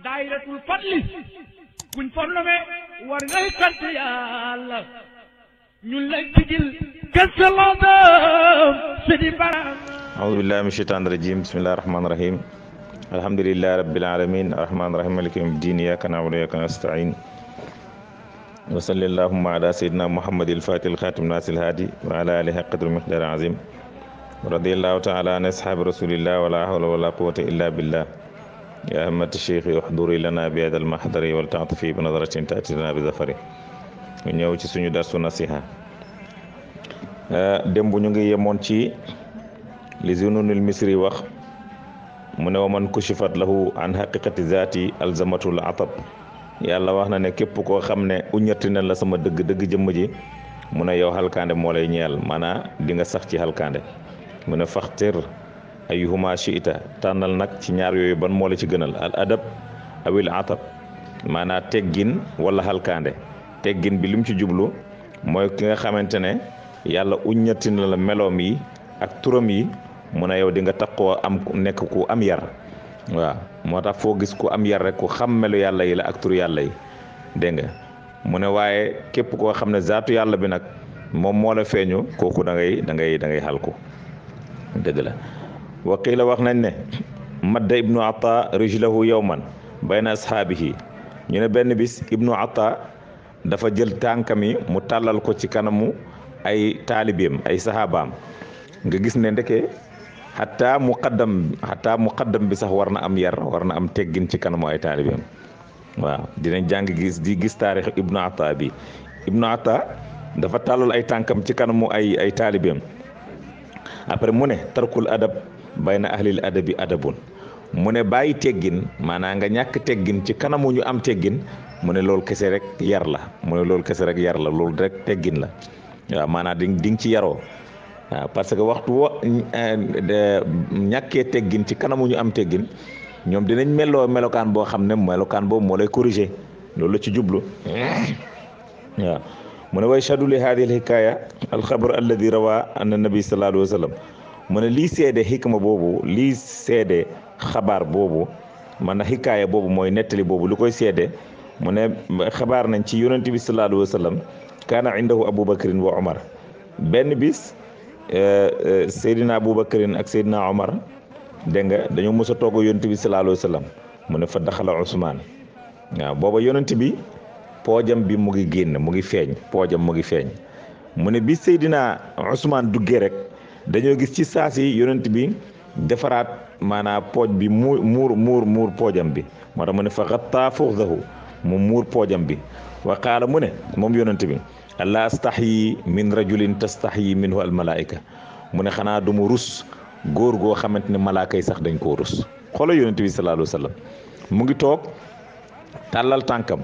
daayiratul fadli buñ fornome war ngay sant yàlla ñun la jigil kasalada sidi bara aoudu billahi min shaitan rajim bismillahi rahmani rahim alhamdulillahi rabbil alamin arrahmani rahim maliki yawmi din iyyaka na'budu wa iyyaka nasta'in wa salli allahumma ala sayyidina muhammadil fatihil khatim nasil hadi wa ala alihi qadri miqdar azim radiyallahu ta'ala an ashabi rasulillah wala hawla wala quwwata illa billah yaa amat cheikh uxduri lana bi hada almahdari wal taatafi bi nadratin tatina bi zafari ñu ñëw ci suñu darsu nasiha démb ñu ngi yemoon ci li zununil misri wax mu ne wa man kushifat lahu an xaqiqati zaati alzamatul atab yàlla wax na ne képp koo xam ne uñetti na la sama dëgg dëgg jëmm ji mu ne yow xalkaande moo lay ñeel maanaa dinga sax ci xalkaande mu ne faxtir ayuhuma shiita tànnal nag ci ñaar yooyu ban moo la ci gënal al adab awil atab maanaa teggin wala halkaande teggin bi lim ci jublu mooy ki nga xamante ne yàlla uññati na la meloom yi ak turam yi mu ne yow dinga nga taqoo am nekk ku am yar waaw moo tax foo gis ku am yar rek ku xam melu yàlla yi la ak tur yàlla yi dégg nga mu ne waaye képp koo xam ne zaatu yàlla bi nag moom moo la feeñu kooku da dangay dangay ngay xal ko dëgg la waqiila wax nañ ne madda ibnu ataa rijlahu yowman bayna ashaabihi ñu ne benn bis ibnu ataa dafa jël tànkami mu tàllal ko ci kanamu ay taalibeem ay saxaabaam nga gis ne ndeke xataa muqaddam xaddam bi sax war na am yar war na am teggin ci kanamu ay taalibeem waaw dinañ jàng gis di gis taarix ibnu ataa bi ibnu ataa dafa tàllal ay tànkam ci kanamu ay ay taalibeem après mu ne tarkul adab bayna ahlil adabi adabun mu ne bàyyi teggin maanaam nga ñàkk teggin ci kanamu ñu am teggin mu ne loolu kese rek yar la mu loolu kese rek yar la loolu rek teggin la waaw maanaam di di ci yaroo parce que waxtu wo eh, ñàkkee teggin ci kanamu ñu am teggin ñoom dinañ meloo melokaan boo xam ne melokaan boobu moo lay corriger loolu la ci jublu waaw mu ne way shaduli haadihi alhikaaya alxabar alladi rawa anna nabi sallallahu alayhi wa mu ne lii seede xikma boobu lii seede xabaar boobu man na xikaaya boobu mooy nettali boobu lu koy seede mu ne xabaar nañ ci yonent bi sallallahu alayhi wa sallam kaana indahu abubakrin wa omar benn bis eh, eh, seydina abubakrin ak seydina amar dégg nga dañu mos a toog yonent bi sallallahu alayhi wa sallam mu ne fa daxala Ousmane waaw booba yonent bi poojam bi mu ngi génn mu ngi feeñ poojam mu ngi feeñ mu ne bi seydina Ousmane duggee rek dañoo gis ci saa si yonent bi defaraat maanaam pooj bi muur muur muur muur poojam bi moo tax ne fa xattaa fuxdahu mu muur poojam bi wa qaala mu ne moom yonent bi allah astahyi min rajulin yi min al malaika mu ne xanaa du mu rus góor goo xamante ne malaakay sax dañ koo rus xoolal yonent bi sallallahu mu ngi toog tàllal tànkam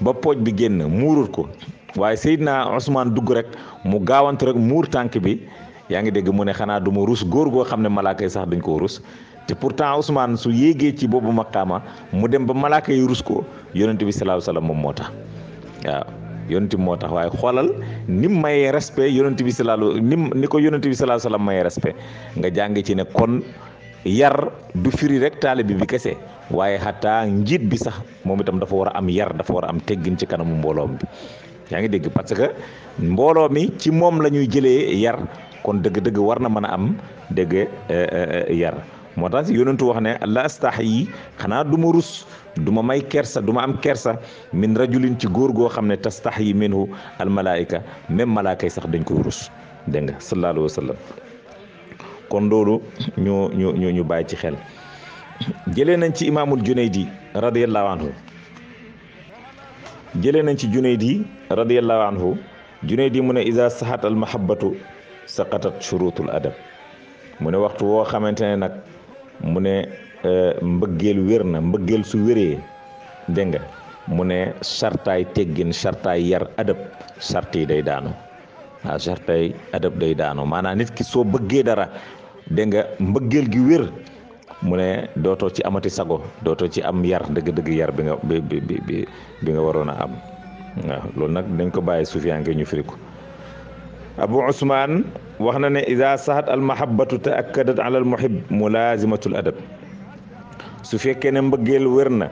ba pooj bi génn muurut ko waaye Seydina Ousmane dugg rek mu gaawante rek muur tànk bi yaa ngi dégg mu ne xanaa du ma rus góor goo xam ne malaaka yi sax dañ koo rus te pourtant Ousmane su yéegee ci boobu maqaama mu dem ba malaaka yi rus ko yonent bi salaahu salaam moom moo tax waaw yonent bi moo tax waaye xoolal nim mayee respect yonent bi salaahu nim ni ko yonent bi salaahu salaam mayee respect nga jàng ci ne kon yar du firi rek taalibe bi kese waaye xataa njiit bi sax moom itam dafa war a am yar dafa war a am teggin ci kanamu mbooloom bi yaa ngi dégg parce que mbooloo mi ci moom la ñuy jëlee yar kon dëgg-dëgg war na mën a am dëgg euh, euh, euh, yar moo tax yonentu wax ne la yi xanaa du ma rus du ma may kersa duma am kersa min rajulin ci góor goo xam ne tastaxyi minhu almalaayika même malaaka yi sax dañ koy rus dégg nga sallallahu alayhi kon loolu ñu ñu ñu ñu bàyyi ci xel jëlee nañ ci imaamul junaydi radiyallahu anhu jëlee nañ ci junaydi radiyallahu anhu junaydi mu ne iza sahat al mahabbatu sa saqatat shurutul adab mu ne waxtu woo xamante ne nag mu ne e, mbëggeel wér na mbëggeel su wéree dégg nga mu ne sartaay teggin sartaay yar adab sart yi day daano waaw sartaay adab day daanu maanaam nit ki soo bëggee dara dégg nga mbëggeel gi wér mu ne dootoo ci amati sago dootoo ci am yar dëgg-dëgg yar bi nga bi bi nga waroon a am waaw loolu nag dañ ko bàyyi suufiyanke ñu firi abu usmaan wax na ne ida saxat al mahabbatu ta akkadat ala al muhib mulaazimatul adab su fekkee ne mbëggeel wér na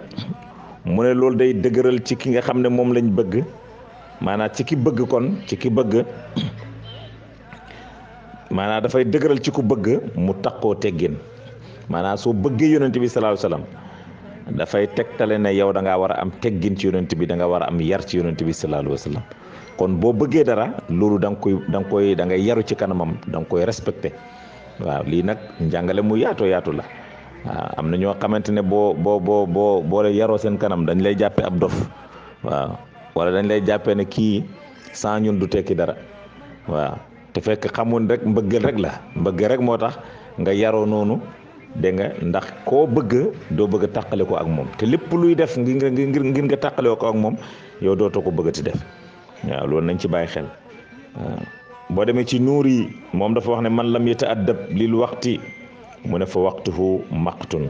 mu ne loolu day dëgëral ci ki nga xam ne moom lañ bëgg maanaam ci ki bëgg kon ci ki bëgg maanaam dafay dëgërël ci ku bëgg mu taqoo teggin maanaam soo bëggee yonent bi salaahu salaam dafay tegtale na yow da ngaa war a am teggin ci yonent bi da nga war a am yar ci yonent bi salaahu salaam kon boo bëggee dara loolu da nga da ngay yaru ci kanamam da koy respecté waaw lii nag njàngale mu yaatoo yaatu la waaw am na ñoo xamante ne boo boo boo boo boo yaroo seen kanam dañ lay jàppee ab dof waa wala dañ lay jàppee ne kii sans ñun du tekki dara waa te fekk xamoon rek mbëggeel rek la mbëggeel rek moo tax nga yaroo noonu dégg nga ndax koo bëgg doo bëgg a ko ak moom te lépp luy def ngir nga ngir nga tàqale ko ak moom yow dootoo ko bëggati def. waaw loolu nañ ci bàyyi xel boo demee ci nuur yi moom dafa wax ne man lam yata addab lil waxti mu ne fa waxtuhu maqtun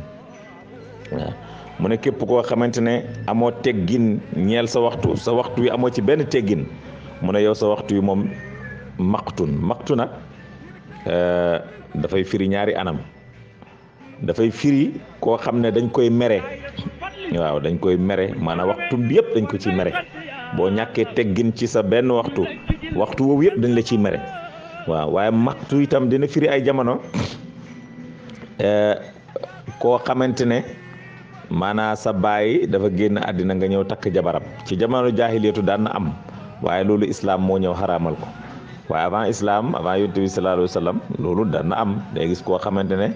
waaw mu ne képp koo xamante ne amoo teggin ñeel sa waxtu sa waxtu wi amoo ci benn teggin mu ne yow sa waxtu wi moom maqtun maqtu nag euh, dafay firi ñaari anam dafay firi koo xam ne dañ koy mere waaw dañ koy mere maanaam waxtu bi yëpp dañ ko ci mere boo ñàkkee teggin ci sa benn waxtu waxtu woowu yëpp dañ la ciy mere waaw waaye maxtu itam dina firi ay jamono eh, koo xamante ne maanaa sa baay dafa génn àddina nga ñëw takk jabaram ci jamono jaahiliyatu daan na am waaye loolu islaam moo ñëw xaraamal ko waaye avant islaam avant yonent bi sallallahu alayhi loolu daan na am léegis koo xamante ne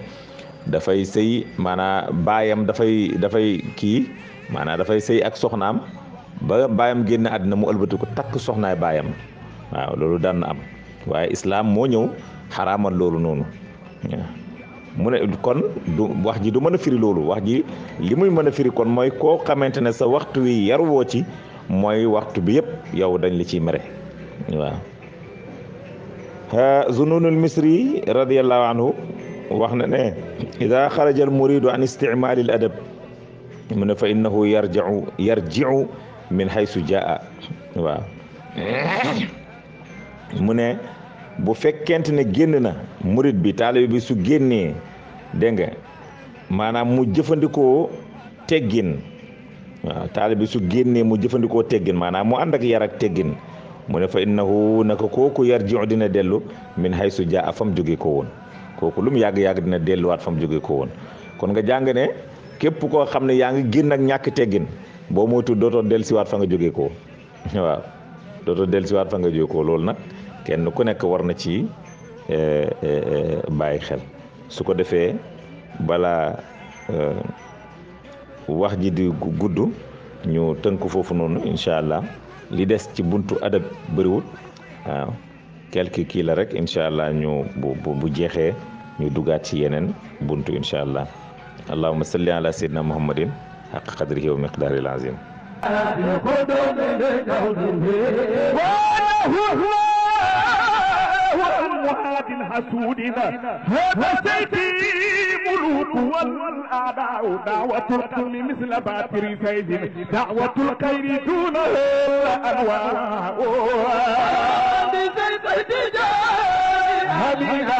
dafay sëy maanaa baayam dafay dafay kii maanaa dafay sëy ak soxnaam ba baayam génn àddina mu ëlbatiku takk soxnaay baayam waaw loolu daan na am waaye islaam moo ñëw xaraamal loolu noonu mu ne kon du wax ji du mën a firi loolu wax ji li muy mën a firi kon mooy koo xamante ne sa waxtu wi yarwoo ci mooy waxtu bi yëpp yow dañ li ciy mere waaw zununul misri radiallahu anhu wax na ne ida xaraja al muridu an isticmaali al adab mu ne fa innahu yarjiu yarjiu min haysu jaa waaw mu ne bu fekkent ne génn na murit bi taalibe bi su génnee dégg nga maanaam mu jëfandikoo teggin waaw taalibe bi su génnee mu jëfandikoo teggin maanaam mu ànd ak yar teggin mu ne fa innahu naka kooku yar jiw dina dellu min haysu jaa fa mu jóge ko woon kooku lu mu yàgg yàgg dina delluwaat fa mu jóge ko woon kon nga jàng ne képp koo xam ne yaa ngi génn ak ñàkk teggin. boo moytu dooto dellusiwaat fa nga jógee ko waaw dootoo dellusiwaat fa nga jógee ko loolu nag kenn ku nekk war na ci eh, eh, bàyyi xel su ko defee balaa eh, wax ji di gudd ñu tënk foofu noonu incha allah li des ci buntu adab bëriwut waaw quelque kii la rek incha allah ñu bu jeexee ñu dugaat ci yeneen buntu incha allah allahumma salli ala sayyidina muhammadin xaq qadrihi wa miqdaari lazim وأموات حسودنا هذا سيدي ملوك والأعداء دعوة القوم مثل باتر سيد دعوة الخير دون الأنواع بزيد جاري هلينا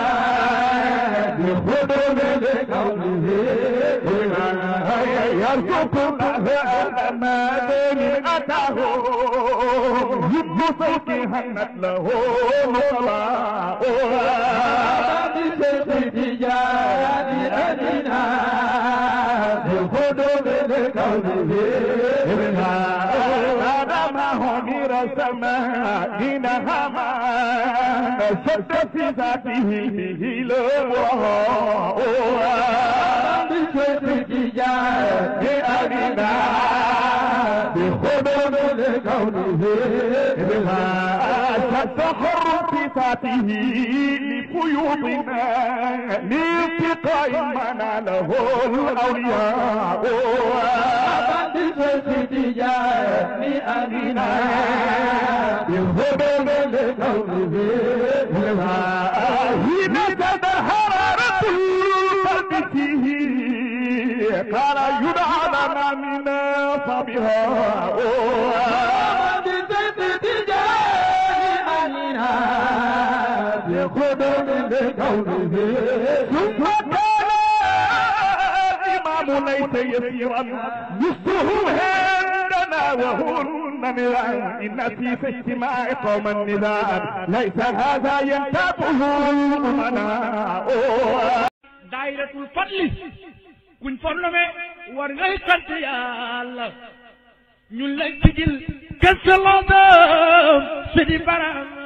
بخدم لقومه يرزق ما دام أتاهم يبدو صوتي هنت له مطلع هذا ما هو غير السماء دينها ما شد في ذاته به لو جاء بأبينا بخدم لكونه بها تتحر صفاته لقيومنا لالتقاء من له الأولياء بالفيض جاء بأبينا بخدم لكونه بها هنا تدهرت قلبه كان يدعى لنا منا فبها بزيت تجاه أمنا بقدر لقوله ثم كان الإمام ليس يسيرا نصره عندنا وهو النمران إن في في اجتماع قوم النذار ليس هذا ينتابه الأمناء دائرة الفضل kuñ fa nommé war ngay sant yàlla ñun lañ sigil kese la doom si di baram